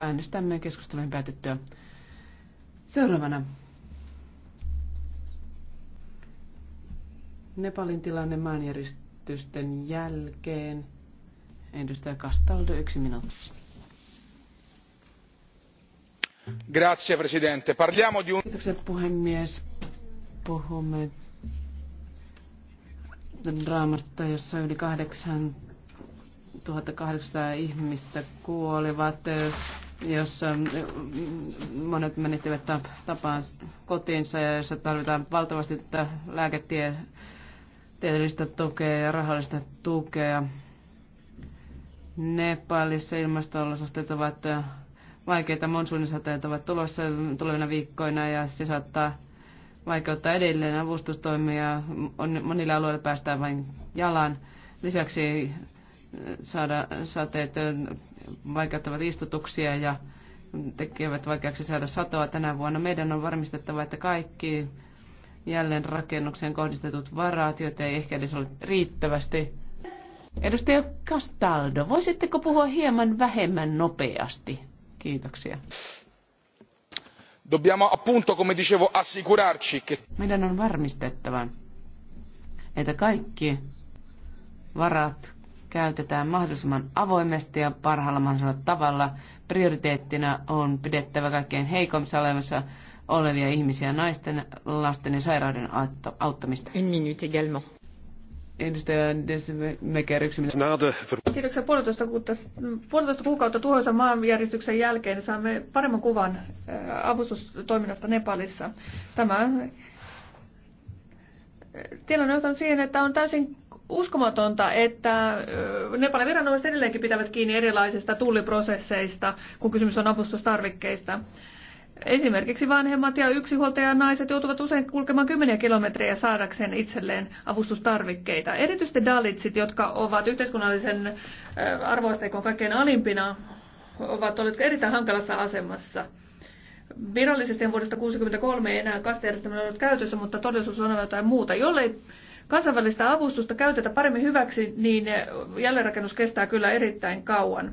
äänestämme keskustelun päätettyä. Seuraavana Nepalin tilanne maanjäristysten jälkeen. Edustaja Castaldo, yksi minuutti. Grazie, Presidente. Parliamo di un... Kiitoksia, puhemies. Puhumme draamasta, jossa yli 8800 ihmistä kuolivat jossa monet menettivät tapaan kotiinsa ja jossa tarvitaan valtavasti tätä lääketieteellistä tukea ja rahallista tukea. Nepalissa ilmasto-olosuhteet ovat vaikeita, monsuunisateet ovat tulossa tulevina viikkoina ja se saattaa vaikeuttaa edelleen avustustoimia. monilla alueilla päästään vain jalan. Lisäksi saada sateet vaikeuttavat istutuksia ja tekevät vaikeaksi saada satoa tänä vuonna. Meidän on varmistettava, että kaikki jälleen rakennukseen kohdistetut varat, joita ei ehkä edes ole riittävästi. Edustaja Castaldo, voisitteko puhua hieman vähemmän nopeasti? Kiitoksia. Dobbiamo appunto, come dicevo, assicurarci che... Meidän on varmistettava, että kaikki varat käytetään mahdollisimman avoimesti ja parhaalla mahdollisella tavalla. Prioriteettina on pidettävä kaikkein heikommissa olevassa olevia ihmisiä, naisten, lasten ja sairauden auttamista. Une minute également. Edustaja Desmeker, yksi minuutti. Kiitoksia. Puolitoista, kuutta, puolitoista kuukautta tuhoisa maanjärjestyksen jälkeen saamme paremman kuvan äh, avustustoiminnasta Nepalissa. Tämä äh, tilanne on siihen, että on täysin uskomatonta, että Nepalin viranomaiset edelleenkin pitävät kiinni erilaisista tulliprosesseista, kun kysymys on avustustarvikkeista. Esimerkiksi vanhemmat ja yksihuoltajan naiset joutuvat usein kulkemaan kymmeniä kilometrejä saadakseen itselleen avustustarvikkeita. Erityisesti dalitsit, jotka ovat yhteiskunnallisen arvoasteikon kaikkein alimpina, ovat olleet erittäin hankalassa asemassa. Virallisesti vuodesta 1963 ei enää kastejärjestelmä ollut käytössä, mutta todellisuus on jotain muuta. Jollei kansainvälistä avustusta käytetä paremmin hyväksi, niin jälleenrakennus kestää kyllä erittäin kauan.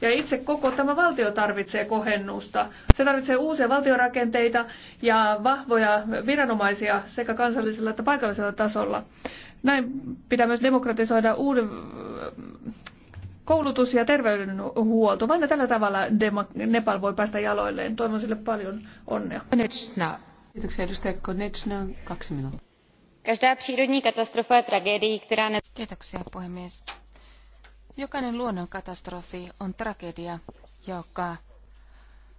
Ja itse koko tämä valtio tarvitsee kohennusta. Se tarvitsee uusia valtiorakenteita ja vahvoja viranomaisia sekä kansallisella että paikallisella tasolla. Näin pitää myös demokratisoida uuden äh, koulutus ja terveydenhuolto. Vain tällä tavalla Nepal voi päästä jaloilleen. Toivon sille paljon onnea. Kiitoksia edustaja Konechna. Kaksi minuuttia. Každá přírodní katastrofa je tragédií, která ne... Kiitoksia puhemies. Jokainen luonnonkatastrofi on tragedia, joka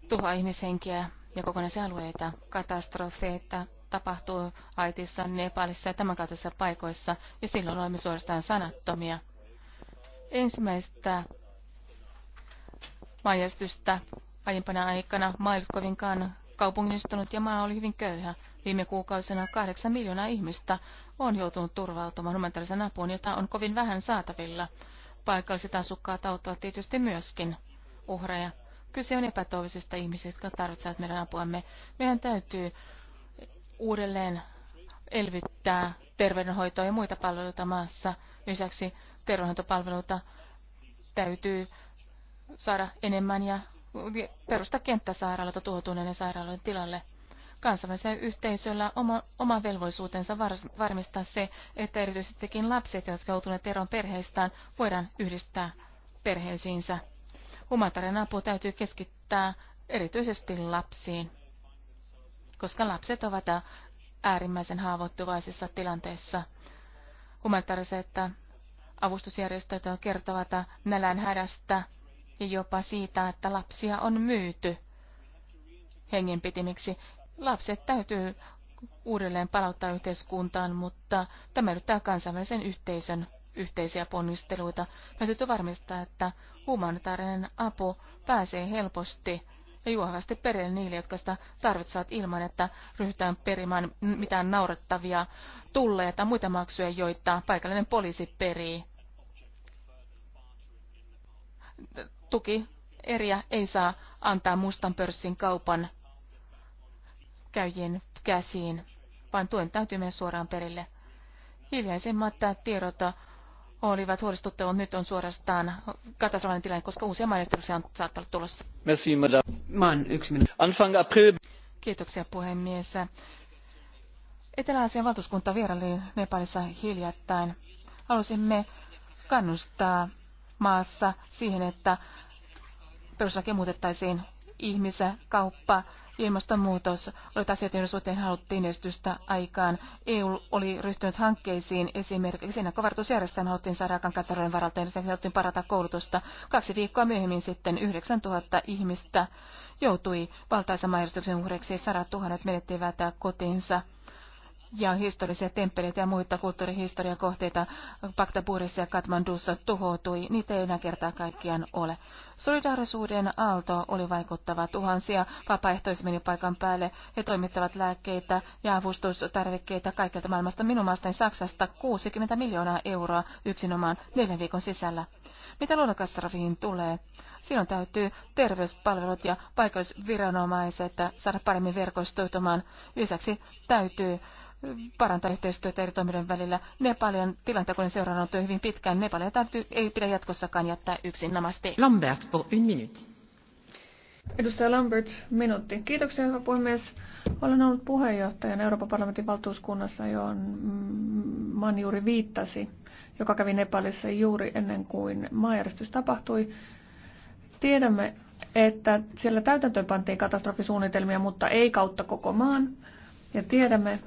tuhoaa ihmishenkiä ja kokonaisia alueita. Katastrofeita tapahtuu Aitissa, Nepalissa ja kaltaisissa paikoissa, ja silloin olemme suorastaan sanattomia. Ensimmäistä majestystä aiempana aikana maailut kovinkaan kaupungistunut ja maa oli hyvin köyhä. Viime kuukausina kahdeksan miljoonaa ihmistä on joutunut turvautumaan humanitaarisen apuun, jota on kovin vähän saatavilla. Paikalliset asukkaat auttavat tietysti myöskin uhreja. Kyse on epätoivisista ihmisistä, jotka tarvitsevat meidän apuamme. Meidän täytyy uudelleen elvyttää terveydenhoitoa ja muita palveluita maassa. Lisäksi terveydenhoitopalveluita täytyy saada enemmän ja perustaa kenttäsairaalalta tuhoutuneiden sairaaloiden tilalle. Kansainvälisellä yhteisöllä oma, oma velvollisuutensa var, varmistaa se, että erityisestikin lapset, jotka joutuneet eroon perheistään, voidaan yhdistää perheisiinsä. Humanitaarinen apu täytyy keskittää erityisesti lapsiin, koska lapset ovat äärimmäisen haavoittuvaisissa tilanteissa. Humanitaariset avustusjärjestöt kertovat hädästä, ja jopa siitä, että lapsia on myyty hengenpitimiksi. Lapset täytyy uudelleen palauttaa yhteiskuntaan, mutta tämä edellyttää kansainvälisen yhteisön yhteisiä ponnisteluita. Me täytyy varmistaa, että humanitaarinen apu pääsee helposti ja juohavasti perille niille, jotka sitä tarvitsevat ilman, että ryhdytään perimään mitään naurettavia tulleja tai muita maksuja, joita paikallinen poliisi perii tuki eriä ei saa antaa mustan pörssin kaupan käyjien käsiin, vaan tuen täytyy mennä suoraan perille. Hiljaisemmat tiedot olivat huolestuttavat. Nyt on suorastaan katastrofaalinen tilanne, koska uusia mainostuksia on saattanut tulossa. Merci, Man, yksi Anfang april. Kiitoksia puhemies. Etelä-Aasian valtuuskunta vieraili Nepalissa hiljattain. Halusimme kannustaa maassa siihen, että perustuslaki muutettaisiin ihmisä, kauppa, ilmastonmuutos olivat asiat, joiden suhteen haluttiin estystä aikaan. EU oli ryhtynyt hankkeisiin esimerkiksi ennakkovartusjärjestelmä haluttiin saada aikaan katarojen varalta ja sieltä haluttiin parata koulutusta. Kaksi viikkoa myöhemmin sitten 9000 ihmistä joutui valtaisen maanjärjestyksen uhreiksi ja 100 tuhannet menettivät kotinsa ja historiallisia temppeleitä ja muita kulttuurihistorian kohteita Bagdaburissa ja Katmandussa tuhoutui. Niitä ei enää kertaa kaikkiaan ole. Solidaarisuuden aalto oli vaikuttava tuhansia. Vapaaehtoismeni paikan päälle. He toimittavat lääkkeitä ja avustustarvikkeita kaikilta maailmasta. Minun maastani Saksasta 60 miljoonaa euroa yksinomaan neljän viikon sisällä. Mitä luonnonkatastrofiin tulee? Silloin täytyy terveyspalvelut ja paikallisviranomaiset saada paremmin verkostoitumaan. Lisäksi täytyy parantaa yhteistyötä eri toimijoiden välillä. Nepalin tilanta, kun seurannut on hyvin pitkään, Nepalia täytyy, ei pidä jatkossakaan jättää yksin namaste. Lambert, po une minute. Edustaja Lambert, minuutti. Kiitoksia, hyvä puhemies. Olen ollut puheenjohtajan Euroopan parlamentin valtuuskunnassa, johon mm, Man juuri viittasi, joka kävi Nepalissa juuri ennen kuin maanjäristys tapahtui. Tiedämme, että siellä täytäntöön pantiin katastrofisuunnitelmia, mutta ei kautta koko maan. Ja tiedämme,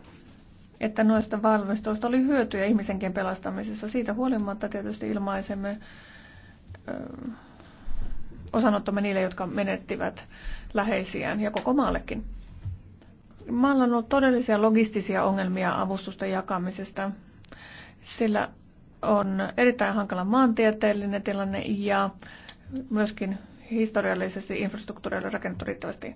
että noista valmisteluista oli hyötyä ihmisenkin pelastamisessa. Siitä huolimatta tietysti ilmaisemme osanottomme niille, jotka menettivät läheisiään ja koko maallekin. Maalla on ollut todellisia logistisia ongelmia avustusten jakamisesta, sillä on erittäin hankala maantieteellinen tilanne ja myöskin historiallisesti infrastruktuurille rakennettu riittävästi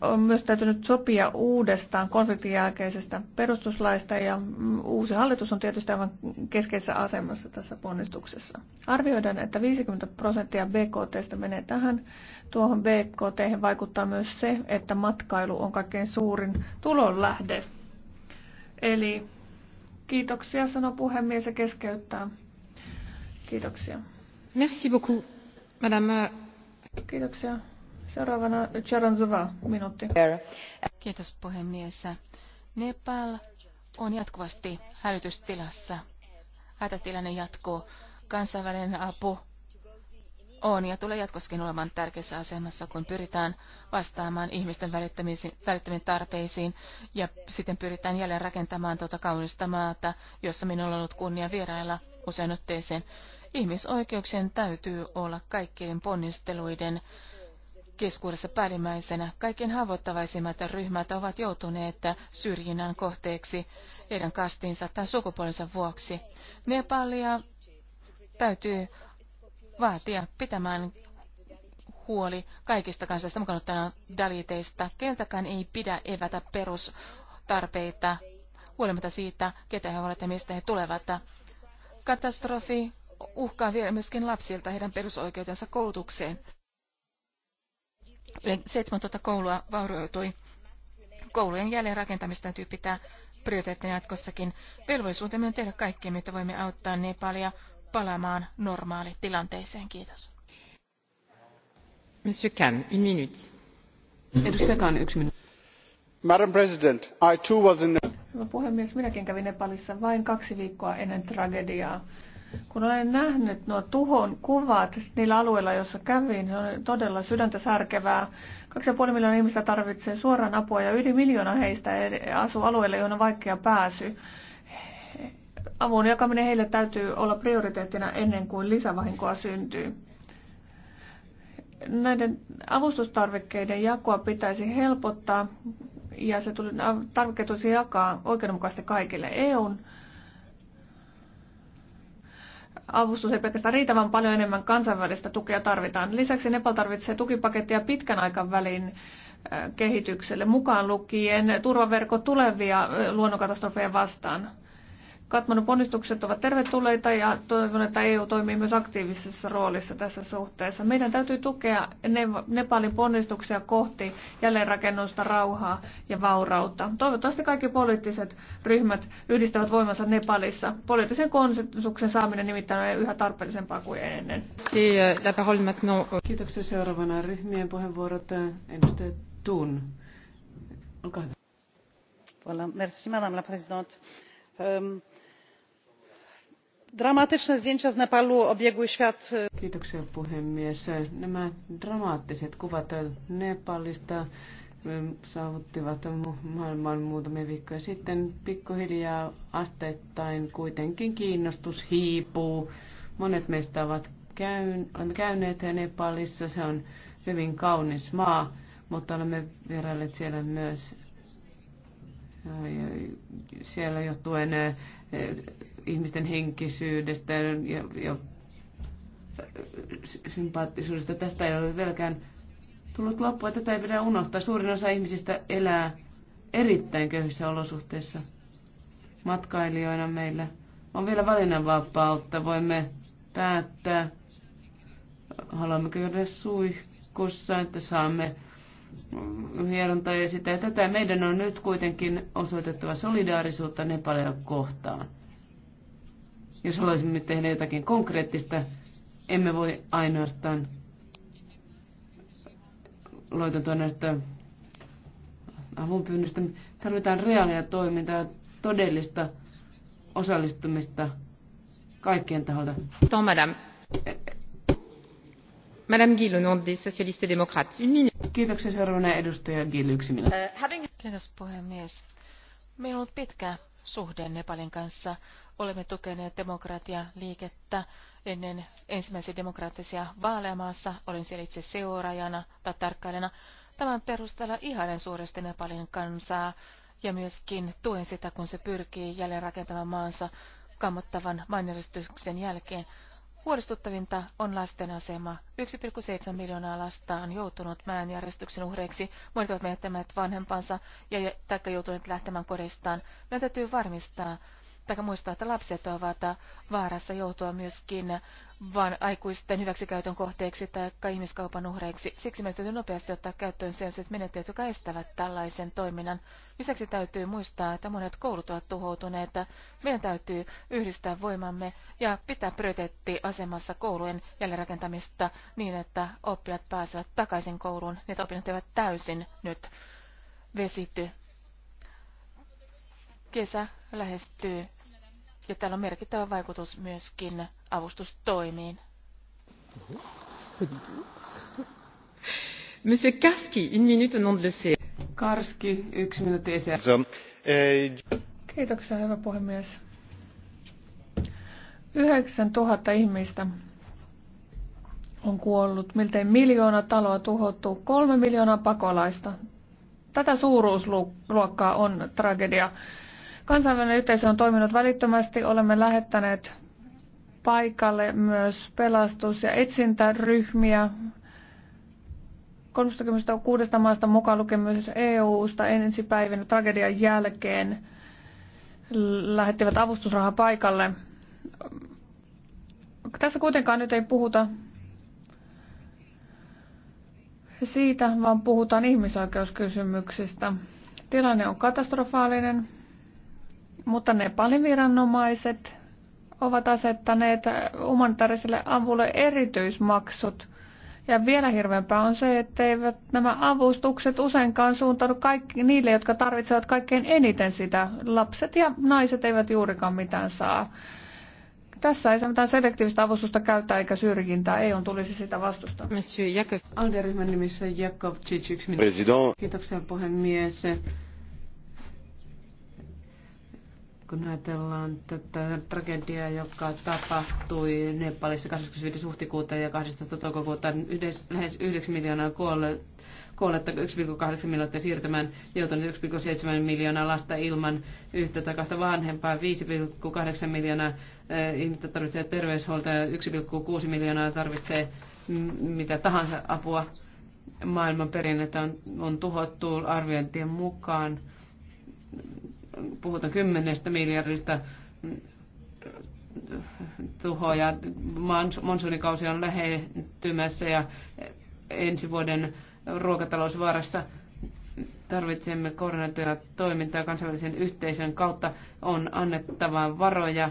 on myös täytynyt sopia uudestaan konfliktin jälkeisestä perustuslaista ja uusi hallitus on tietysti aivan keskeisessä asemassa tässä ponnistuksessa. Arvioidaan, että 50 prosenttia BKT menee tähän. Tuohon BKT vaikuttaa myös se, että matkailu on kaikkein suurin tulonlähde. Eli kiitoksia, sanoo puhemies ja keskeyttää. Kiitoksia. Merci beaucoup, madame. Kiitoksia. Seuraavana Charanzova, minuutti. Kiitos puhemies. Nepal on jatkuvasti hälytystilassa. Hätätilanne jatkuu. Kansainvälinen apu on ja tulee jatkossakin olemaan tärkeässä asemassa, kun pyritään vastaamaan ihmisten välittömiin tarpeisiin ja sitten pyritään jälleen rakentamaan tuota kaunista maata, jossa minulla on ollut kunnia vierailla usein otteeseen. Ihmisoikeuksien täytyy olla kaikkien ponnisteluiden keskuudessa päällimmäisenä. Kaikkein haavoittavaisimmat ryhmät ovat joutuneet syrjinnän kohteeksi heidän kastinsa tai sukupuolensa vuoksi. Nepalia täytyy vaatia pitämään huoli kaikista kansallista mukaan ottaen daliteista. Keltäkään ei pidä evätä perustarpeita huolimatta siitä, ketä he ovat ja mistä he tulevat. Katastrofi uhkaa vielä myöskin lapsilta heidän perusoikeutensa koulutukseen. 7000 koulua vaurioitui. Koulujen jälleenrakentamista täytyy pitää prioriteettina jatkossakin. Velvollisuutemme on tehdä kaikkea, mitä voimme auttaa Nepalia palaamaan normaali tilanteeseen. Kiitos. Monsieur Kahn, une minute. Edustaja Kahn, yksi minuutti. Madam President, I too was in... puhemies, minäkin kävin Nepalissa vain kaksi viikkoa ennen tragediaa. Kun olen nähnyt nuo tuhon kuvat niillä alueilla, joissa kävin, se on todella sydäntä särkevää. 2,5 miljoonaa ihmistä tarvitsee suoraan apua ja yli miljoona heistä asuu alueilla, joilla on vaikea pääsy. Avun jakaminen heille täytyy olla prioriteettina ennen kuin lisävahinkoa syntyy näiden avustustarvikkeiden jakoa pitäisi helpottaa ja se tuli, tarvikkeet tulisi jakaa oikeudenmukaisesti kaikille. EUn avustus ei pelkästään riitä, vaan paljon enemmän kansainvälistä tukea tarvitaan. Lisäksi Nepal tarvitsee tukipakettia pitkän aikavälin kehitykselle, mukaan lukien turvaverkot tulevia luonnonkatastrofeja vastaan. Katmanun ponnistukset ovat tervetulleita ja toivon, että EU toimii myös aktiivisessa roolissa tässä suhteessa. Meidän täytyy tukea Nepalin ponnistuksia kohti jälleenrakennusta, rauhaa ja vaurautta. Toivottavasti kaikki poliittiset ryhmät yhdistävät voimansa Nepalissa. Poliittisen konsensuksen saaminen nimittäin on yhä tarpeellisempaa kuin ennen. Euh, Kiitoksia seuraavana ryhmien puheenvuorot. Edustaja Tun. Olkaa hyvä. Voilà. Merci, Madame la Présidente. Um, dramaattisia zdjęcia z Nepalu obiegły świat. Kiitoksia puhemies. Nämä dramaattiset kuvat Nepalista saavuttivat maailman muutamia viikkoja sitten. Pikkuhiljaa asteittain kuitenkin kiinnostus hiipuu. Monet meistä ovat käyn, käyneet Nepalissa. Se on hyvin kaunis maa, mutta olemme vierailleet siellä myös siellä johtuen ihmisten henkisyydestä ja, ja sympaattisuudesta. Tästä ei ole vieläkään tullut loppua. Tätä ei pidä unohtaa. Suurin osa ihmisistä elää erittäin köyhissä olosuhteissa. Matkailijoina meillä on vielä valinnanvapautta. Voimme päättää, haluamme käydä suihkussa, että saamme hierontaa ja sitä. Tätä meidän on nyt kuitenkin osoitettava solidaarisuutta Nepalia kohtaan. Jos haluaisimme tehdä jotakin konkreettista, emme voi ainoastaan loitantua näistä avunpyynnöistä. Tarvitaan reaalia toimintaa, todellista osallistumista kaikkien taholta. Tant, madame. Madame Gill, au nom des socialistes et démocrates. Une minute. Kiitoksia seuraavana edustaja Gill, yksi minuutti. Kiitos puhemies. Meillä on ollut pitkä suhde Nepalin kanssa. Olemme tukeneet demokratialiikettä ennen ensimmäisiä demokraattisia vaaleja maassa. Olin siellä itse seuraajana tai tarkkailijana. Tämän perusteella ihailen suuresti Nepalin kansaa ja myöskin tuen sitä, kun se pyrkii jälleen rakentamaan maansa kammottavan mainjärjestyksen jälkeen. Huolestuttavinta on lasten asema. 1,7 miljoonaa lasta on joutunut määnjärjestyksen uhreiksi. Monet ovat menettäneet vanhempansa ja taikka joutuneet lähtemään kodistaan. Meidän täytyy varmistaa, tai muistaa, että lapset ovat vaarassa joutua myöskin vain aikuisten hyväksikäytön kohteeksi tai ihmiskaupan uhreiksi. Siksi meidän täytyy nopeasti ottaa käyttöön sellaiset menettelyt, jotka estävät tällaisen toiminnan. Lisäksi täytyy muistaa, että monet koulut ovat tuhoutuneet. Meidän täytyy yhdistää voimamme ja pitää asemassa koulujen jälleenrakentamista niin, että oppilaat pääsevät takaisin kouluun. niitä opinnot eivät täysin nyt vesity. Kesä lähestyy ja täällä on merkittävä vaikutus myöskin avustustoimiin. Monsieur Karski, une minute au nom de l'ECR. E Karski, yksi minuutti ECR. Eh, Kiitoksia, hyvä puhemies. 9000 ihmistä on kuollut, miltei miljoona taloa tuhottu, kolme miljoonaa pakolaista. Tätä suuruusluokkaa on tragedia. Kansainvälinen yhteisö on toiminut välittömästi. Olemme lähettäneet paikalle myös pelastus- ja etsintäryhmiä 36 maasta mukaan lukien myös EU-sta ensi päivinä tragedian jälkeen lähettivät avustusraha paikalle. Tässä kuitenkaan nyt ei puhuta siitä, vaan puhutaan ihmisoikeuskysymyksistä. Tilanne on katastrofaalinen mutta Nepalin viranomaiset ovat asettaneet humanitaariselle avulle erityismaksut. Ja vielä hirveämpää on se, että eivät nämä avustukset useinkaan suuntaudu kaikki, niille, jotka tarvitsevat kaikkein eniten sitä. Lapset ja naiset eivät juurikaan mitään saa. Tässä ei saa mitään selektiivistä avustusta käyttää eikä syrjintää. EU tulisi sitä vastustaa. Monsieur Jakov, Alderyhmän nimissä Jakov Cic, Kiitoksia puhemies kun ajatellaan tätä tragediaa, joka tapahtui Nepalissa 25. huhtikuuta ja 12. toukokuuta, yhdessä, lähes 9 miljoonaa kuolletta, 1,8 miljoonaa siirtämään, joutunut 1,7 miljoonaa lasta ilman yhtä tai kahta vanhempaa, 5,8 miljoonaa eh, ihmistä tarvitsee terveyshuolta ja 1,6 miljoonaa tarvitsee mitä tahansa apua. Maailman perinnettä on, on tuhottu arviointien mukaan puhutaan kymmenestä miljardista mm, tuhoja. Monsuunikausi on lähentymässä ja ensi vuoden ruokatalousvaarassa tarvitsemme koordinoituja toimintaa kansallisen yhteisön kautta. On annettava varoja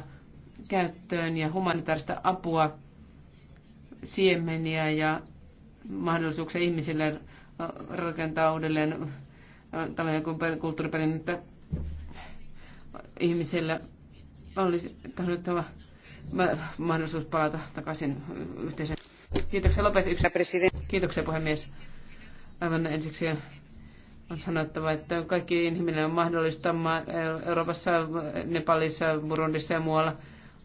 käyttöön ja humanitaarista apua, siemeniä ja mahdollisuuksia ihmisille rakentaa uudelleen tällainen kulttuuriperinnettä ihmisillä olisi tarvittava mahdollisuus palata takaisin yhteiseen. Kiitoksia lopetuksia. Kiitoksia puhemies. Aivan ensiksi on sanottava, että kaikki inhimillinen on mahdollista Euroopassa, Nepalissa, Burundissa ja muualla.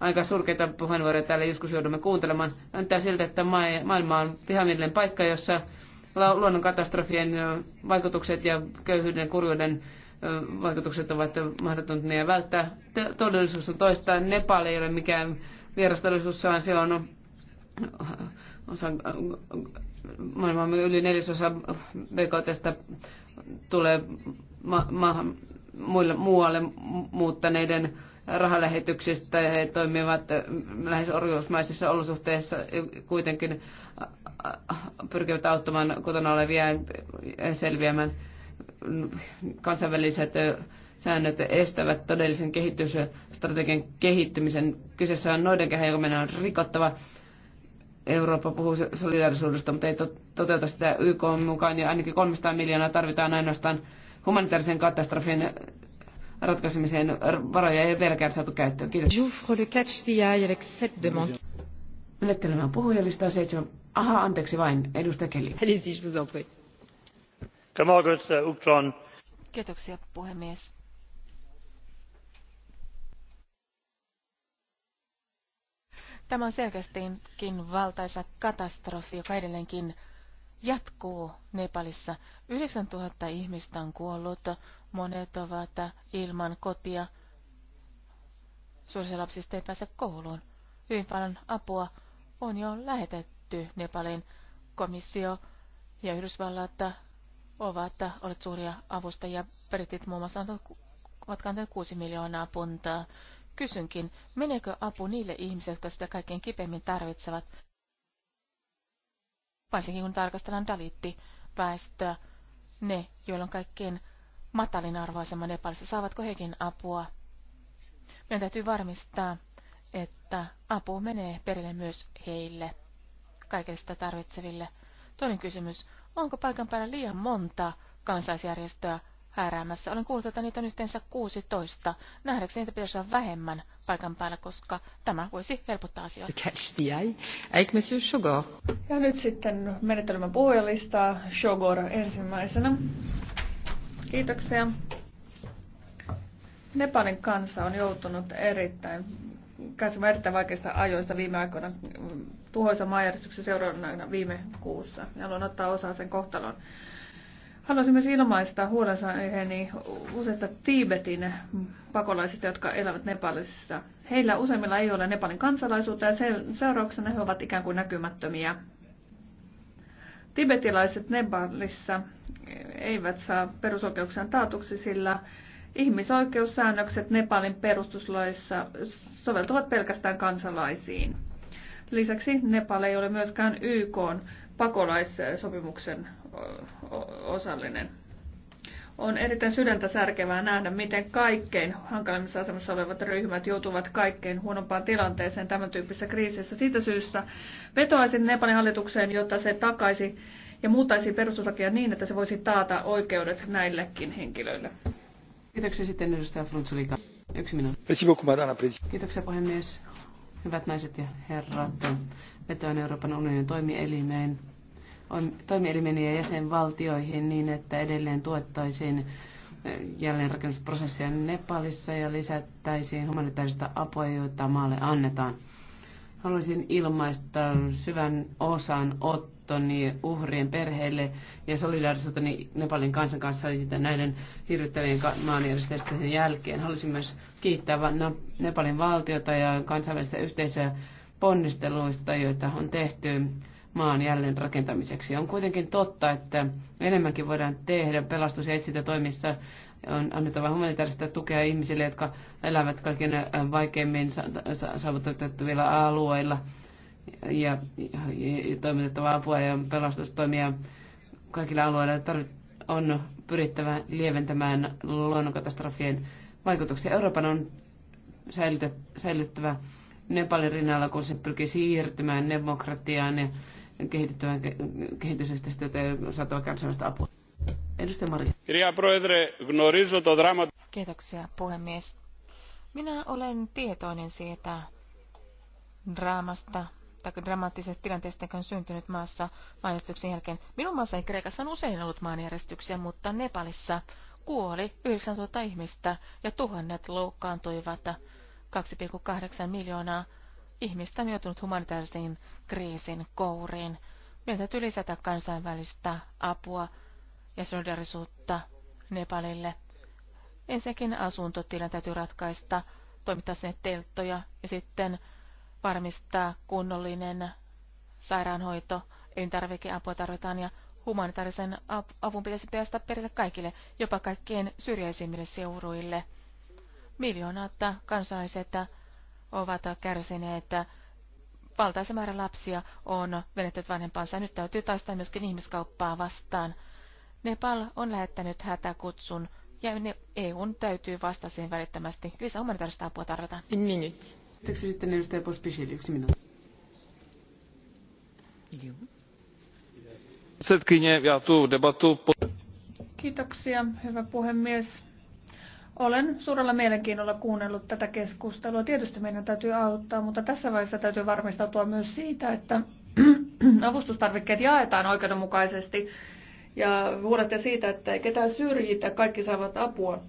Aika surkeita puheenvuoroja täällä joskus joudumme kuuntelemaan. Näyttää siltä, että maailma on pihamillinen paikka, jossa luonnon katastrofien vaikutukset ja köyhyyden kurjuuden vaikutukset ovat mahdottomia välttää. Todellisuus on toista. Nepal ei ole mikään vierastodellisuus, vaan se on osa maailman yli neljäsosa BKT tulee ma- ma- muille, muualle muuttaneiden rahalähetyksistä. He toimivat lähes orjuusmaisissa olosuhteissa kuitenkin pyrkivät auttamaan kotona olevia selviämään kansainväliset säännöt estävät todellisen kehitysstrategian kehittymisen. Kyseessä on kehä, joka meidän on rikottava. Eurooppa puhuu solidarisuudesta, mutta ei toteuta sitä YK mukaan, ja ainakin 300 miljoonaa tarvitaan ainoastaan humanitaarisen katastrofin ratkaisemiseen varoja ei vieläkään saatu käyttöön. Kiitos. le catch the eye avec sept demandes. Menettelemään puhujalistaa seitsemän. Aha, anteeksi vain, edustaja Kelly. Allez-y, je vous en prie arvoisa puhemies. Tämä on selkeästikin valtaisa katastrofi, joka edelleenkin jatkuu Nepalissa. 9000 ihmistä on kuollut, monet ovat ilman kotia. Suurissa lapsista ei pääse kouluun. Hyvin paljon apua on jo lähetetty Nepalin komissio ja Yhdysvallat että olet suuria avustajia. Britit muun muassa ovat kantaneet 6 miljoonaa puntaa. Kysynkin, meneekö apu niille ihmisille, jotka sitä kaikkein kipeimmin tarvitsevat? Varsinkin kun tarkastellaan dalitti väestöä, ne, joilla on kaikkein matalin arvoisema Nepalissa, saavatko hekin apua? Meidän täytyy varmistaa, että apu menee perille myös heille, sitä tarvitseville. Toinen kysymys Onko paikan päällä liian monta kansalaisjärjestöä hääräämässä? Olen kuullut, että niitä on yhteensä 16. Nähdäkseni niitä pitäisi olla vähemmän paikan päällä, koska tämä voisi helpottaa asioita. Ja nyt sitten menettelymän puhujalistaa. Shogor ensimmäisenä. Kiitoksia. Nepalin kansa on joutunut erittäin kanssa erittäin vaikeista ajoista viime aikoina mm, tuhoisa maanjärjestyksen seurauksena viime kuussa. Ja haluan ottaa osaa sen kohtalon. Haluaisin myös ilmaista huolenaiheeni useista Tiibetin pakolaisista, jotka elävät Nepalissa. Heillä useimmilla ei ole Nepalin kansalaisuutta ja seurauksena he ovat ikään kuin näkymättömiä. Tibetilaiset Nepalissa eivät saa perusoikeuksiaan taatuksi, sillä Ihmisoikeussäännökset Nepalin perustuslaissa soveltuvat pelkästään kansalaisiin. Lisäksi Nepal ei ole myöskään YK pakolaissopimuksen osallinen. On erittäin sydäntä särkevää nähdä, miten kaikkein hankalimmissa asemassa olevat ryhmät joutuvat kaikkein huonompaan tilanteeseen tämän tyyppisessä kriisissä. Siitä syystä vetoaisin Nepalin hallitukseen, jotta se takaisi ja muuttaisi perustuslakia niin, että se voisi taata oikeudet näillekin henkilöille. Kiitoksia sitten edustaja Frunzulika. Yksi minuutti. Kiitoksia puhemies. Hyvät naiset ja herrat, vetoan Euroopan unionin toimielimeen, toimielimeen ja jäsenvaltioihin niin, että edelleen tuettaisiin eh, jälleenrakennusprosessia Nepalissa ja lisättäisiin humanitaarista apua, joita maalle annetaan. Haluaisin ilmaista syvän osan ottoni uhrien perheille ja solidaarisuuteni Nepalin kansan kanssa näiden hirvittävien maanjärjestelmien jälkeen. Haluaisin myös kiittää Nepalin valtiota ja kansainvälistä yhteisöä ponnisteluista, joita on tehty maan jälleen rakentamiseksi. On kuitenkin totta, että enemmänkin voidaan tehdä pelastus- ja etsintätoimissa on annettava humanitaarista tukea ihmisille, jotka elävät kaikkein äh, vaikeimmin saavutettavilla alueilla ja, toimitettava apua ja pelastustoimia kaikilla alueilla on pyrittävä lieventämään luonnonkatastrofien vaikutuksia. Euroopan on säilyttävä Nepalin rinnalla, kun se pyrkii siirtymään demokratiaan ja kehitettävän kehitysyhteistyötä ja saatava kansainvälistä apua. Edustaja Kiitoksia, puhemies. Minä olen tietoinen siitä draamasta tai dramaattisesta tilanteesta, joka on syntynyt maassa maanjärjestyksen jälkeen. Minun maassani Kreikassa on usein ollut maanjärjestyksiä, mutta Nepalissa kuoli 9000 ihmistä ja tuhannet loukkaantuivat. 2,8 miljoonaa ihmistä on joutunut humanitaarisen kriisin kouriin. Meidän täytyy lisätä kansainvälistä apua ja solidarisuutta Nepalille. Ensinnäkin asuntotilanne täytyy ratkaista, toimittaa sinne telttoja ja sitten varmistaa kunnollinen sairaanhoito, elintarvikeapua tarvitaan ja humanitaarisen avun pitäisi päästä perille kaikille, jopa kaikkien syrjäisimmille seuruille. Miljoonat kansalaiset ovat kärsineet, valtaisen määrä lapsia on menettänyt vanhempansa. Nyt täytyy taistaa myöskin ihmiskauppaa vastaan. Nepal on lähettänyt hätäkutsun ja EUn e täytyy vastata siihen välittömästi. Lisää humanitaarista apua tarvitaan. Minuutti. Kiitoksia sitten edustaja Pospisili, yksi minuutti. Kiitoksia, hyvä puhemies. Olen suurella mielenkiinnolla kuunnellut tätä keskustelua. Tietysti meidän täytyy auttaa, mutta tässä vaiheessa täytyy varmistautua myös siitä, että avustustarvikkeet jaetaan oikeudenmukaisesti ja huolehtia siitä, että ei ketään syrjitä, kaikki saavat apua.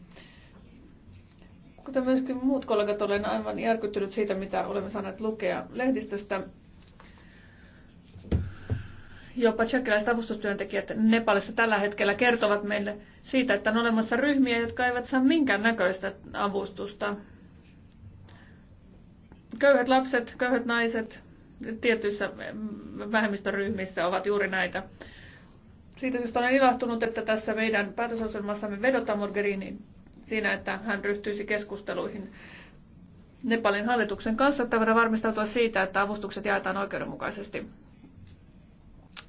Kuten myöskin muut kollegat, olen aivan järkyttynyt siitä, mitä olemme saaneet lukea lehdistöstä. Jopa tsekkiläiset avustustyöntekijät Nepalissa tällä hetkellä kertovat meille siitä, että on olemassa ryhmiä, jotka eivät saa minkään näköistä avustusta. Köyhät lapset, köyhät naiset tietyissä vähemmistöryhmissä ovat juuri näitä siitä syystä olen ilahtunut, että tässä meidän päätösasemassamme vedota Morgerinin siinä, että hän ryhtyisi keskusteluihin Nepalin hallituksen kanssa, että voidaan varmistautua siitä, että avustukset jaetaan oikeudenmukaisesti.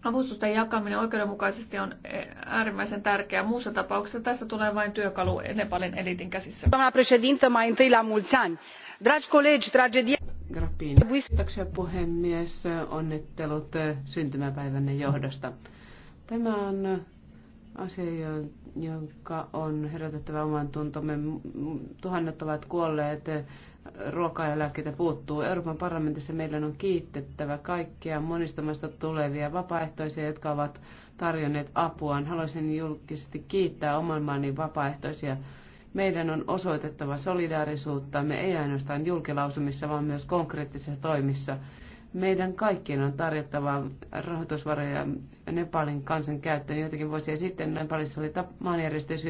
Avustusten jakaminen oikeudenmukaisesti on eh, äärimmäisen tärkeää. Muussa tapauksessa tästä tulee vain työkalu Nepalin eliitin käsissä. Doamna președintă, mai întâi la mulți ani. Dragi colegi, tragedia... Grappini. Kiitoksia puhemies. Onnittelut syntymäpäivänne johdosta. Tämä on asia, jonka on herätettävä oman tuntomme. Tuhannet ovat kuolleet, ruokaa ja lääkkeitä puuttuu. Euroopan parlamentissa meidän on kiitettävä kaikkia monistamasta tulevia vapaaehtoisia, jotka ovat tarjonneet apuaan. Haluaisin julkisesti kiittää oman maani vapaaehtoisia. Meidän on osoitettava solidaarisuutta, me ei ainoastaan julkilausumissa, vaan myös konkreettisissa toimissa. Meidän kaikkien on tarjottava rahoitusvaroja Nepalin kansan käyttöön. Joitakin vuosia sitten Nepalissa oli maanjärjestys,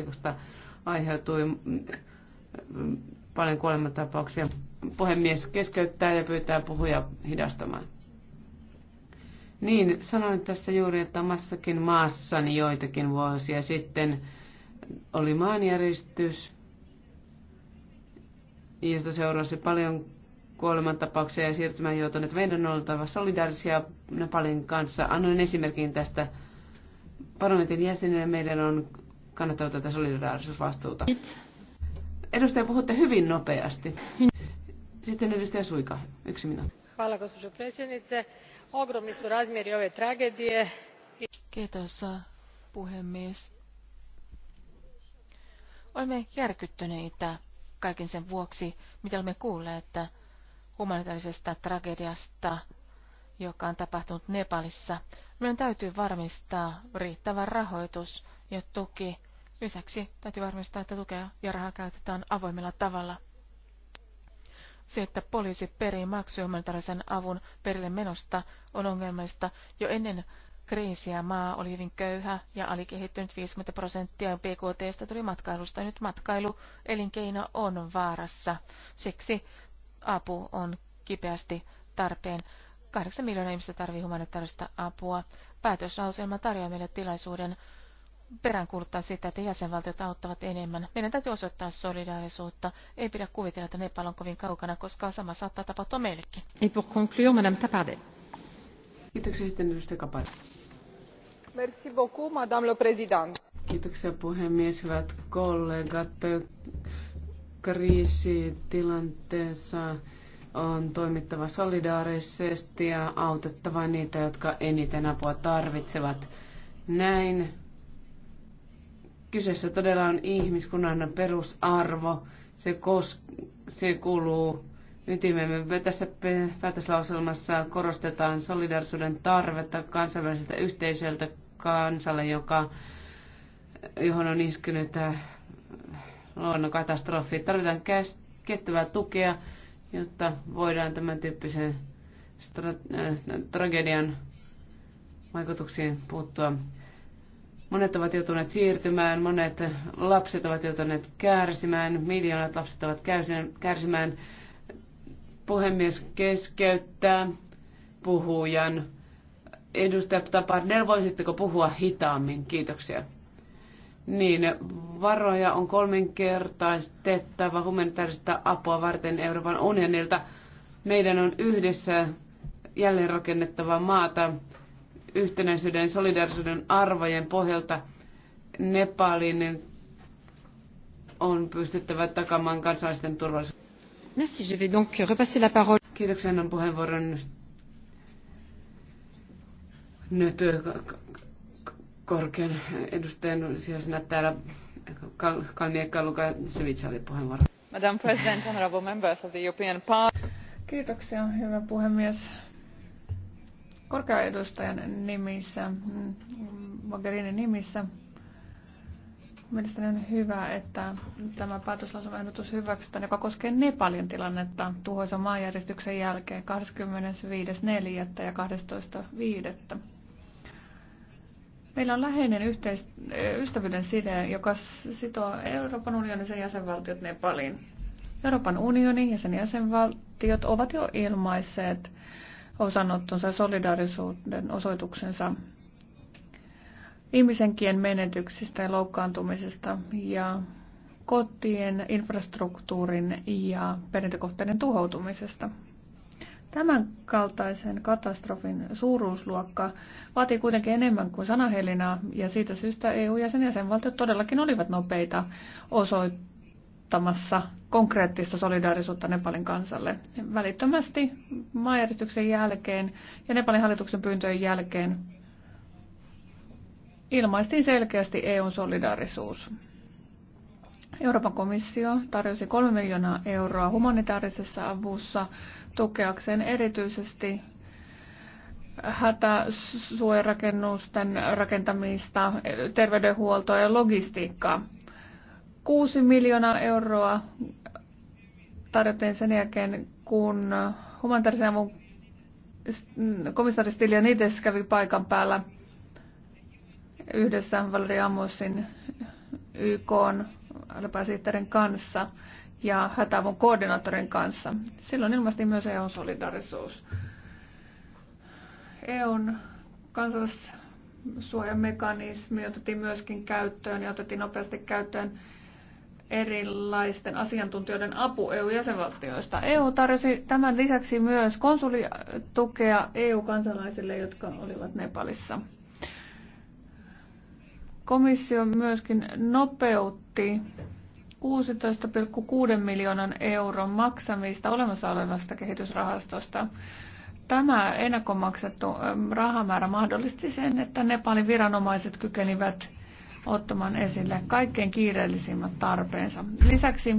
aiheutui mm, paljon kuolematapauksia. Puhemies keskeyttää ja pyytää puhuja hidastamaan. Niin, sanoin tässä juuri, että omassakin maassani joitakin vuosia sitten oli maanjäristys, josta seurasi paljon kuolemantapauksia ja siirtymään joutuneet. Meidän on oltava solidaarisia Nepalin kanssa. Annoin esimerkin tästä parlamentin jäsenenä. Meidän on kannattava tätä solidaarisuusvastuuta. Edustaja, puhutte hyvin nopeasti. Sitten edustaja Suika, yksi minuutti. Hvala, gospođo predsjednice. Ogromni su razmjeri ove tragedije. Kiitos, puhemies. Olemme järkyttyneitä kaiken sen vuoksi, mitä olemme kuulleet, että humanitaarisesta tragediasta, joka on tapahtunut Nepalissa. Meidän täytyy varmistaa riittävä rahoitus ja tuki. Lisäksi täytyy varmistaa, että tukea ja rahaa käytetään avoimella tavalla. Se, että poliisi perii maksuja humanitaarisen avun perille menosta, on ongelmallista. Jo ennen kriisiä maa oli hyvin köyhä ja alikehittynyt 50 prosenttia BKTstä tuli matkailusta. Nyt matkailu elinkeino on vaarassa. Siksi apu on kipeästi tarpeen. Kahdeksan miljoonaa ihmistä tarvitsee humanitaarista apua. Päätöslauselma tarjoaa meille tilaisuuden peräänkuuluttaa sitä, että jäsenvaltiot auttavat enemmän. Meidän täytyy osoittaa solidaarisuutta. Ei pidä kuvitella, että Nepal on kovin kaukana, koska sama saattaa tapahtua meillekin. Et pour conclure, Madame Tapade. Kiitoksia sitten edustaja Kapari. Merci beaucoup, Madame le Président. Kiitoksia puhemies, hyvät kollegat kriisitilanteessa on toimittava solidaarisesti ja autettava niitä, jotka eniten apua tarvitsevat. Näin. Kyseessä todella on ihmiskunnan perusarvo. Se, kos- se kuuluu ytimemme. Tässä päätöslauselmassa korostetaan solidaarisuuden tarvetta kansainväliseltä yhteisöltä kansalle, joka, johon on iskenyt luonnonkatastrofiin. Tarvitaan kestävää tukea, jotta voidaan tämän tyyppisen äh, tragedian vaikutuksiin puuttua. Monet ovat joutuneet siirtymään, monet lapset ovat joutuneet kärsimään, miljoonat lapset ovat kärsimään. Puhemies keskeyttää puhujan. Edustaja Tapardel, voisitteko puhua hitaammin? Kiitoksia niin varoja on kolminkertaistettava humanitaarista apua varten Euroopan unionilta. Meidän on yhdessä jälleenrakennettava maata yhtenäisyyden ja solidaarisuuden arvojen pohjalta. Nepalin on pystyttävä takamaan kansalaisten turvallisuus. Merci, je vais donc repasser la parole. Kiitoksia annan puheenvuoron nyt korkean edustajan sijaisena täällä Kalniekka Lukasevic oli puheenvuoro. Madam President, honorable members of the European Parliament. Kiitoksia, hyvä puhemies. Korkean edustajan nimissä, mm, Mogherinin nimissä, Mielestäni on hyvä, että tämä päätöslausumaehdotus hyväksytään, joka koskee Nepalin tilannetta tuhoisa maanjärjestyksen jälkeen 25.4. ja 12.5. Meillä on läheinen yhteist, ystävyyden side, joka sitoo Euroopan unionin sen jäsenvaltiot Nepaliin. Euroopan unioni ja sen jäsenvaltiot ovat jo ilmaisseet osanottonsa ja solidaarisuuden osoituksensa ihmisenkien menetyksistä ja loukkaantumisesta ja kotien, infrastruktuurin ja perintökohteiden tuhoutumisesta. Tämän kaltaisen katastrofin suuruusluokka vaatii kuitenkin enemmän kuin sanahelinaa, ja siitä syystä EU ja sen jäsenvaltiot todellakin olivat nopeita osoittamassa konkreettista solidaarisuutta Nepalin kansalle. Välittömästi maanjäristyksen jälkeen ja Nepalin hallituksen pyyntöjen jälkeen ilmaistiin selkeästi EUn solidaarisuus. Euroopan komissio tarjosi 3 miljoonaa euroa humanitaarisessa avussa tukeakseen erityisesti hätäsuojarakennusten rakentamista, terveydenhuoltoa ja logistiikkaa. 6 miljoonaa euroa tarjottiin sen jälkeen, kun humanitaarisen avun komissaari itse kävi paikan päällä yhdessä Valeri Amosin YK pääsihteerin kanssa ja hätäavun koordinaattorin kanssa. Silloin ilmasti myös EUn solidarisuus. EUn kansallissuojamekanismi otettiin myöskin käyttöön ja otettiin nopeasti käyttöön erilaisten asiantuntijoiden apu EU-jäsenvaltioista. EU tarjosi tämän lisäksi myös konsulitukea EU-kansalaisille, jotka olivat Nepalissa. Komissio myöskin nopeutti 16,6 miljoonan euron maksamista olemassa olevasta kehitysrahastosta. Tämä ennakkomaksettu ähm, rahamäärä mahdollisti sen, että Nepalin viranomaiset kykenivät ottamaan esille kaikkein kiireellisimmät tarpeensa. Lisäksi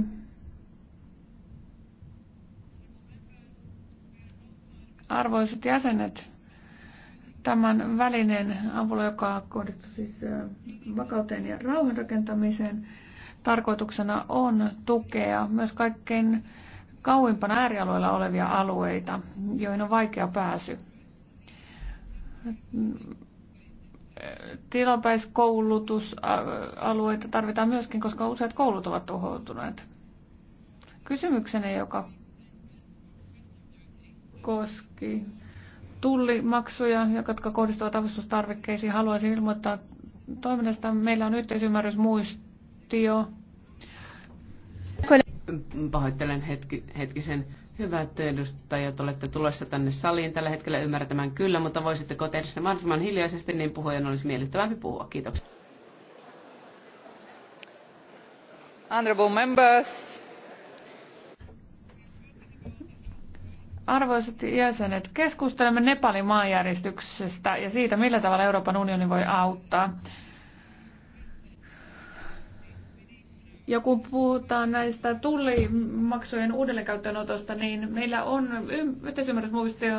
arvoisat jäsenet, tämän välinen avulla, joka kohdettu siis äh, vakauteen ja rauhan rakentamiseen, tarkoituksena on tukea myös kaikkein kauimpana äärialueilla olevia alueita, joihin on vaikea pääsy. Tilapäiskoulutusalueita tarvitaan myöskin, koska useat koulut ovat tuhoutuneet. Kysymykseni, joka koski tullimaksuja, jotka kohdistuvat avustustarvikkeisiin, haluaisin ilmoittaa toiminnasta. Meillä on yhteisymmärrys muista Tio. Pahoittelen hetki, hetkisen. Hyvät edustajat, olette tulossa tänne saliin tällä hetkellä ymmärtämään kyllä, mutta voisitteko tehdä se mahdollisimman hiljaisesti, niin puhujan olisi miellyttävämpi puhua. Kiitoksia. Honorable members. Arvoisat jäsenet, keskustelemme Nepalin maanjäristyksestä ja siitä, millä tavalla Euroopan unioni voi auttaa. Ja kun puhutaan näistä tullimaksujen uudelleenkäyttöönotosta, niin meillä on yhteisymmärrysmuistio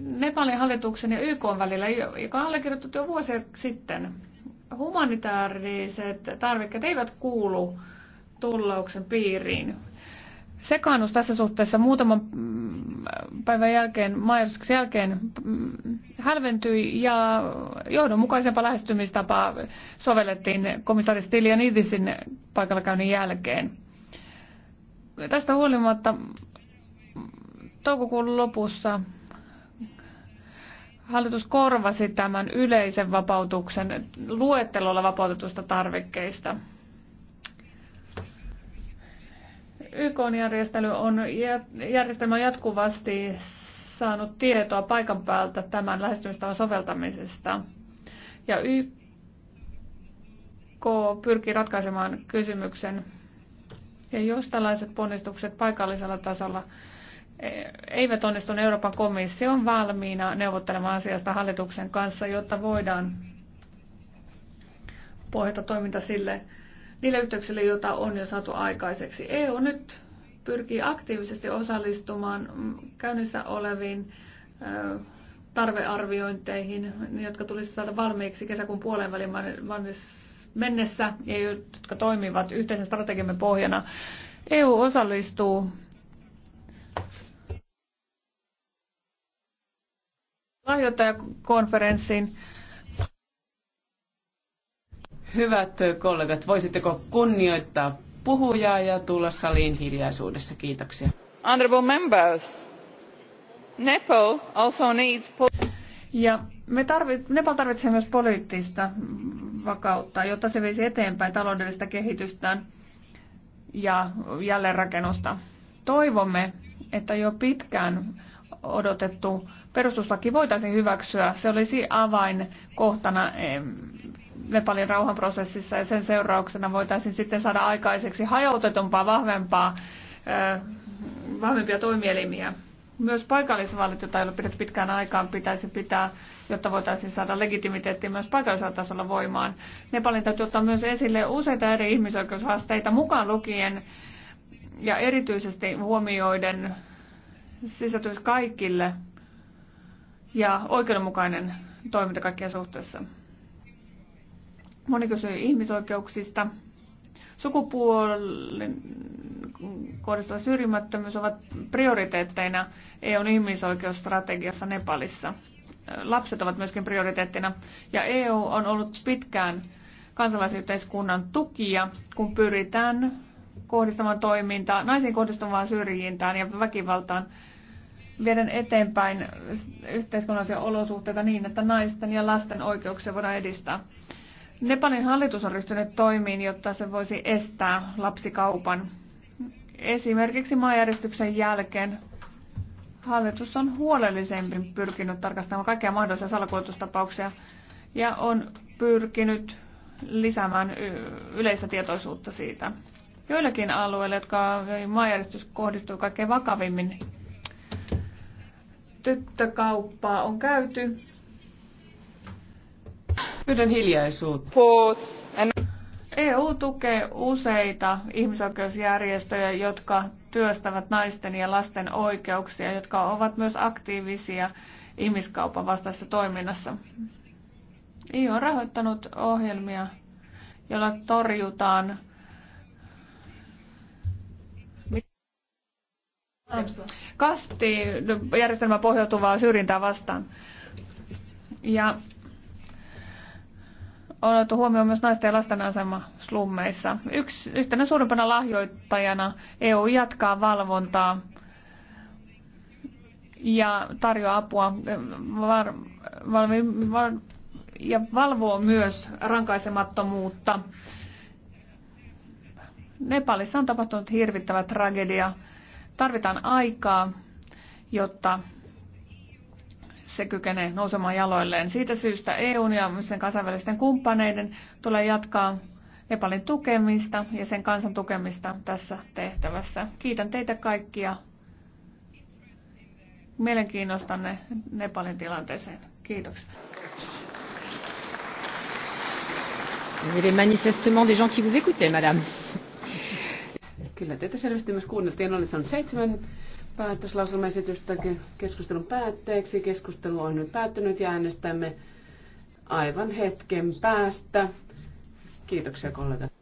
Nepalin hallituksen ja YK välillä, joka on allekirjoitettu jo vuosia sitten. Humanitaariset tarvikkeet eivät kuulu tullauksen piiriin. Sekaannus tässä suhteessa muutaman mm, päivän jälkeen, maajärjestyksen jälkeen, mm, hälventyi ja johdonmukaisempaa lähestymistapaa sovellettiin komissaari Stylianidisin paikallakäynnin jälkeen. Tästä huolimatta toukokuun lopussa hallitus korvasi tämän yleisen vapautuksen luettelolla vapautetusta tarvikkeista. YK-järjestelmä on jatkuvasti saanut tietoa paikan päältä tämän lähestymistavan soveltamisesta. Ja YK pyrkii ratkaisemaan kysymyksen. Ja jos tällaiset ponnistukset paikallisella tasolla e, eivät onnistu, niin Euroopan komissio on valmiina neuvottelemaan asiasta hallituksen kanssa, jotta voidaan pohjata toiminta sille, niille yhteyksille, joita on jo saatu aikaiseksi. EU nyt pyrkii aktiivisesti osallistumaan käynnissä oleviin tarvearviointeihin, jotka tulisi saada valmiiksi kesäkuun puolen välin mennessä ja jotka toimivat yhteisen strategiamme pohjana. EU osallistuu lahjoittajakonferenssiin. Hyvät kollegat, voisitteko kunnioittaa puhujaa ja tulla saliin hiljaisuudessa. Kiitoksia. Honorable members, Nepal also needs... Ja me tarvit, Nepal tarvitsee myös poliittista vakautta, jotta se veisi eteenpäin taloudellista kehitystään ja jälleenrakennusta. Toivomme, että jo pitkään odotettu perustuslaki voitaisiin hyväksyä. Se olisi avain kohtana Nepalin rauhanprosessissa ja sen seurauksena voitaisiin sitten saada aikaiseksi hajautetumpaa, vahvempaa, vahvempia toimielimiä. Myös paikallisvaalit, joita ei ole pidetty pitkään aikaan, pitäisi pitää, jotta voitaisiin saada legitimiteetti myös paikallisella tasolla voimaan. Nepalin täytyy ottaa myös esille useita eri ihmisoikeushaasteita mukaan lukien ja erityisesti huomioiden sisältyisi kaikille ja oikeudenmukainen toiminta kaikkien suhteessa. Moni kysyi ihmisoikeuksista. Sukupuolen kohdistuva syrjimättömyys ovat prioriteetteina EUn ihmisoikeusstrategiassa Nepalissa. Lapset ovat myöskin prioriteettina ja EU on ollut pitkään kansalaisyhteiskunnan tukia, kun pyritään kohdistamaan toimintaa, naisiin kohdistuvaan syrjintään ja väkivaltaan viedään eteenpäin yhteiskunnallisia olosuhteita niin, että naisten ja lasten oikeuksia voidaan edistää. Nepalin hallitus on ryhtynyt toimiin, jotta se voisi estää lapsikaupan. Esimerkiksi maanjärjestyksen jälkeen hallitus on huolellisemmin pyrkinyt tarkastamaan kaikkia mahdollisia salakuljetustapauksia ja on pyrkinyt lisäämään yleistä tietoisuutta siitä. Joillakin alueilla, jotka maanjärjestys kohdistuu kaikkein vakavimmin, tyttökauppaa on käyty Pyydän hiljaisuutta. EU tukee useita ihmisoikeusjärjestöjä, jotka työstävät naisten ja lasten oikeuksia, jotka ovat myös aktiivisia ihmiskaupan vastaisessa toiminnassa. EU on rahoittanut ohjelmia, joilla torjutaan kasti järjestelmä pohjautuvaa syrjintää vastaan. Ja on otettu huomioon myös naisten ja lasten asema slummeissa. Yksi, yhtenä suurimpana lahjoittajana EU jatkaa valvontaa ja tarjoaa apua var, var, var, ja valvoo myös rankaisemattomuutta. Nepalissa on tapahtunut hirvittävä tragedia. Tarvitaan aikaa, jotta se kykenee nousemaan jaloilleen. Siitä syystä EUn ja sen kansainvälisten kumppaneiden tulee jatkaa Nepalin tukemista ja sen kansan tukemista tässä tehtävässä. Kiitän teitä kaikkia mielenkiinnostanne Nepalin tilanteeseen. Kiitoksia. Il y avait manifestement des gens qui vous écoutaient, madame. Kyllä teitä selvästi myös kuunneltiin. Olen saanut seitsemän päätöslauselmaesitystä keskustelun päätteeksi. Keskustelu on nyt päättynyt ja äänestämme aivan hetken päästä. Kiitoksia kollegat.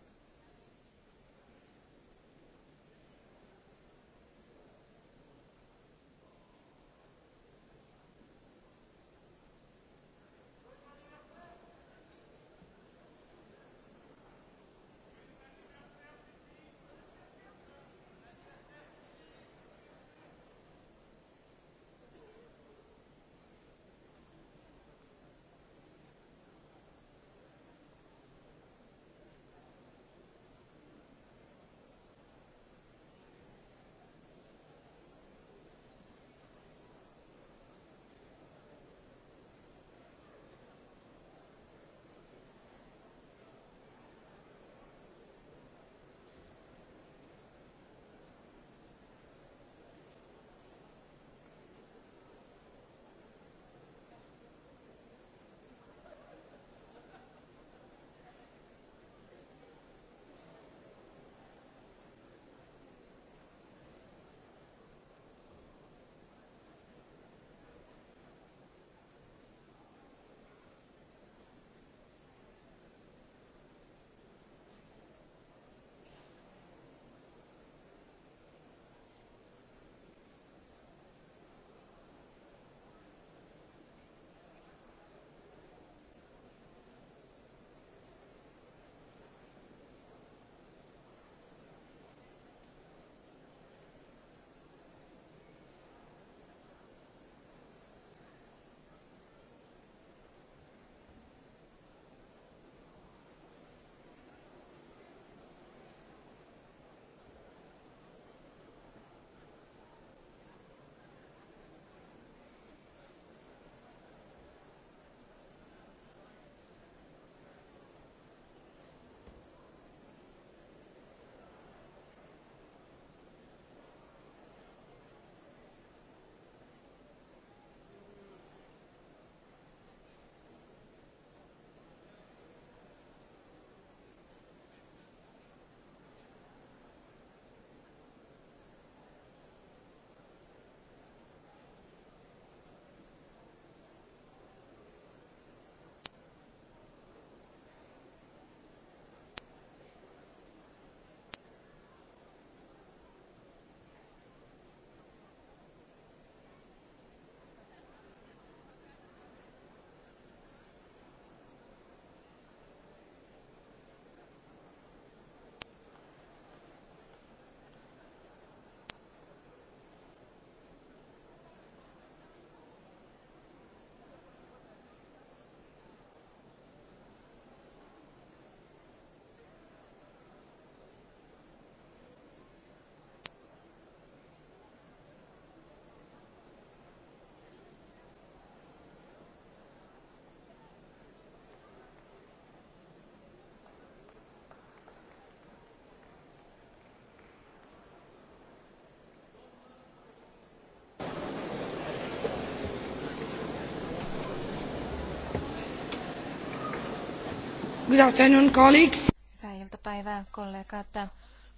Hyvää iltapäivää, kollegat.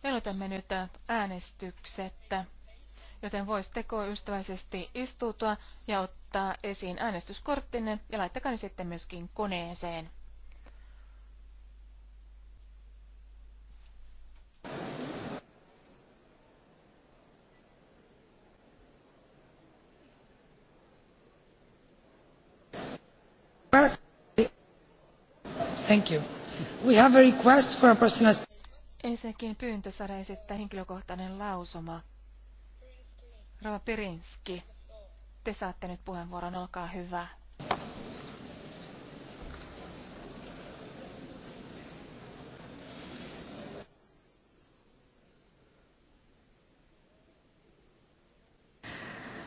Velotamme nyt äänestykset, joten voisitteko ystävällisesti istuutua ja ottaa esiin äänestyskorttinne ja laittakaa ne sitten myöskin koneeseen. Thank you. We have Ensinnäkin pyyntö saada esittää henkilökohtainen lausuma. Rova Pirinski, te saatte nyt puheenvuoron, olkaa hyvä.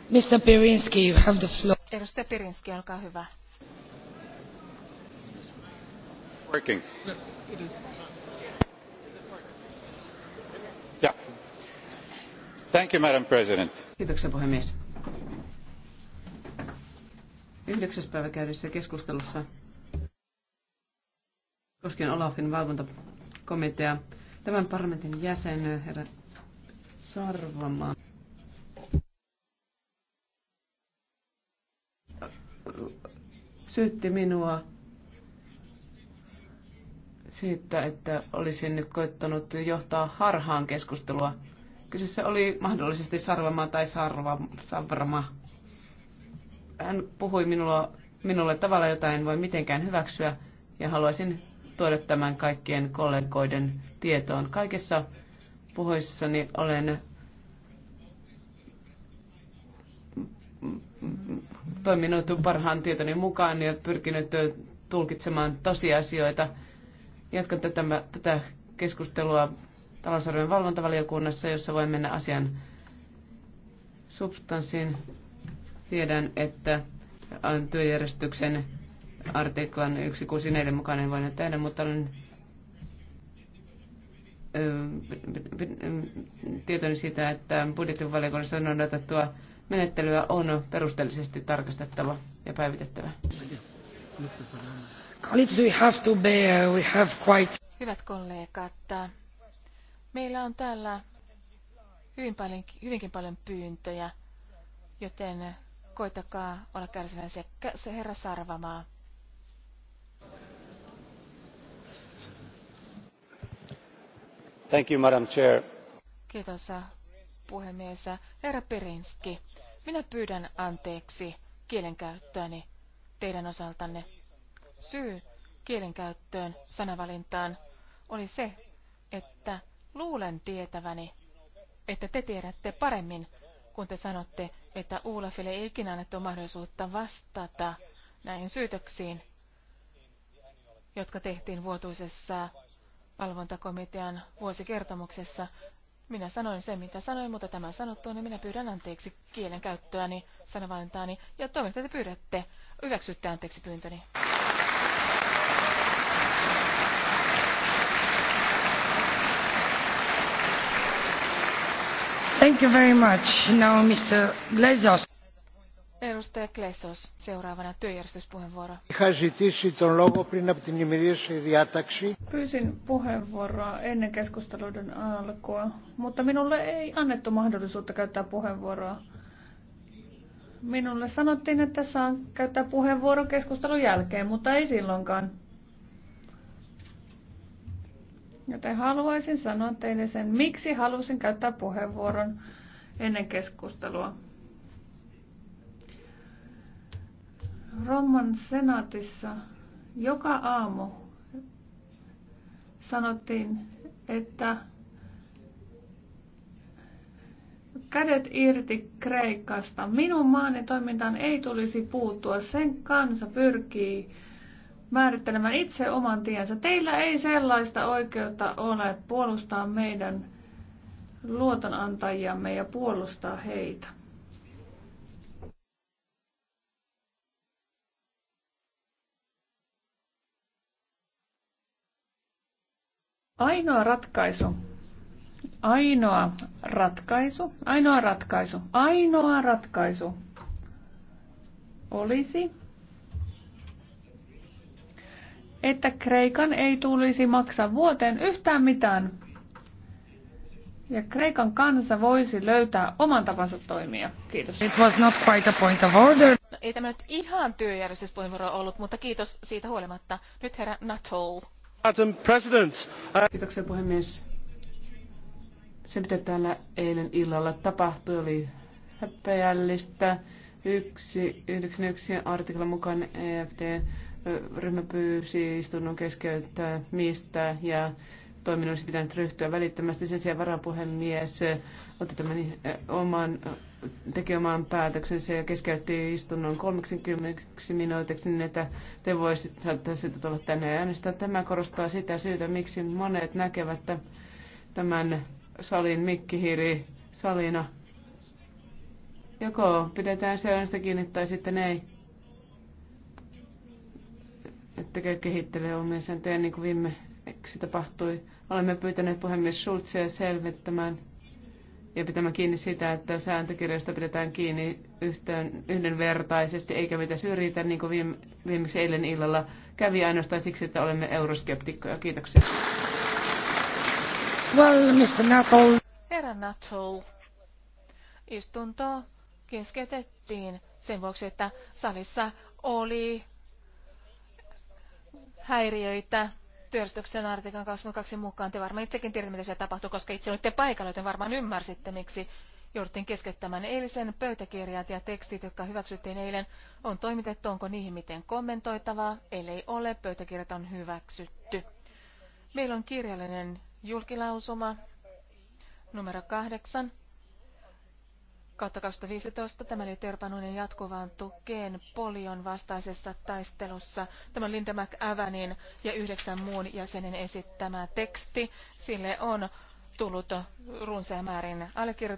Mr. Pirinski, you have the floor. Edustaja Pirinski, olkaa hyvä working? Thank you, Madam President. Kiitoksia puhemies. Yhdeksäs päivä käydyssä keskustelussa koskien Olafin valvontakomitea. Tämän parlamentin jäsen, herra Sarvamaa. syytti minua siitä, että olisin nyt koittanut johtaa harhaan keskustelua. Kyseessä oli mahdollisesti sarvama tai sarva, savrama. Hän puhui minua, minulle tavalla, jota en voi mitenkään hyväksyä, ja haluaisin tuoda tämän kaikkien kollegoiden tietoon. Kaikessa puhuissani olen toiminut parhaan tietoni mukaan ja pyrkinyt tulkitsemaan tosiasioita – jatkan tätä, tätä keskustelua talousarvion valvontavaliokunnassa, jossa voin mennä asian substanssiin. Tiedän, että työjärjestyksen artiklan 164 mukainen voin tehdä, mutta olen tietoni siitä, että budjettivaliokunnassa noudatettua menettelyä on perusteellisesti tarkastettava ja päivitettävä. Hyvät kollegat, meillä on täällä hyvinkin paljon pyyntöjä, joten koitakaa olla kärsivällisiä. Se herra Sarvamaa. Thank you, Madam Chair. Kiitos puhemies. Herra Perinski, minä pyydän anteeksi kielenkäyttöäni teidän osaltanne. Syy kielenkäyttöön, sanavalintaan oli se, että luulen tietäväni, että te tiedätte paremmin, kun te sanotte, että Ulafille ei ikinä annettu mahdollisuutta vastata näihin syytöksiin, jotka tehtiin vuotuisessa valvontakomitean vuosikertomuksessa. Minä sanoin sen, mitä sanoin, mutta tämä sanottu, niin minä pyydän anteeksi kielenkäyttöäni, sanavalintaani, ja toivon, että te pyydätte, hyväksytte anteeksi pyyntöni. Pyysin puheenvuoroa ennen keskusteluiden alkua, mutta minulle ei annettu mahdollisuutta käyttää puheenvuoroa. Minulle sanottiin, että saan käyttää puheenvuoron keskustelun jälkeen, mutta ei silloinkaan. Joten haluaisin sanoa teille sen, miksi halusin käyttää puheenvuoron ennen keskustelua. Roman senaatissa joka aamu sanottiin, että kädet irti Kreikasta. Minun maani toimintaan ei tulisi puuttua. Sen kansa pyrkii määrittelemään itse oman tiensä. Teillä ei sellaista oikeutta ole puolustaa meidän luotonantajiamme ja puolustaa heitä. Ainoa ratkaisu. Ainoa ratkaisu. Ainoa ratkaisu. Ainoa ratkaisu olisi että Kreikan ei tulisi maksaa vuoteen yhtään mitään. Ja Kreikan kansa voisi löytää oman tapansa toimia. Kiitos. It was not quite a point of order. No, ei tämä nyt ihan työjärjestyspuheenvuoro ollut, mutta kiitos siitä huolimatta. Nyt herra Nato. Madam President. Uh... Kiitoksia puhemies. Se, mitä täällä eilen illalla tapahtui, oli häpeällistä. Yksi, yhdeksän yksi artiklan mukaan EFD ryhmä pyysi istunnon keskeyttää mistä ja toiminnon olisi pitänyt ryhtyä välittömästi. Sen sijaan varapuhemies otti tämän eh, oman, teki oman päätöksensä ja keskeytti istunnon 30 minuutiksi niin, että te voisitte saattaa sitä tulla tänne ja äänestää. Tämä korostaa sitä syytä, miksi monet näkevät tämän salin mikkihiri salina. Joko pidetään se äänestä kiinni tai sitten ei ettekö kehittelee omia sääntöjä niin kuin viimeksi tapahtui. Olemme pyytäneet puhemies Schulzia selvittämään ja pitämään kiinni sitä, että sääntökirjasta pidetään kiinni yhteen, yhdenvertaisesti, eikä mitä syrjitä, niin kuin viime, viimeksi eilen illalla kävi ainoastaan siksi, että olemme euroskeptikkoja. Kiitoksia. Well, Mr. Nuttall. Herra Nuttall, istunto keskeytettiin sen vuoksi, että salissa oli häiriöitä työjärjestyksen artikan 22 mukaan. Te varmaan itsekin tiedätte, mitä siellä tapahtui, koska itse olitte paikalla, joten varmaan ymmärsitte, miksi jouduttiin keskeyttämään eilisen pöytäkirjat ja tekstit, jotka hyväksyttiin eilen, on toimitettu, onko niihin miten kommentoitavaa, ellei ole, pöytäkirjat on hyväksytty. Meillä on kirjallinen julkilausuma numero kahdeksan kautta 2015. Tämä oli Euroopan jatkuvaan tukeen polion vastaisessa taistelussa. Tämä on Linda McAvanin ja yhdeksän muun jäsenen esittämä teksti. Sille on tullut runsaamäärin allekirjoitus.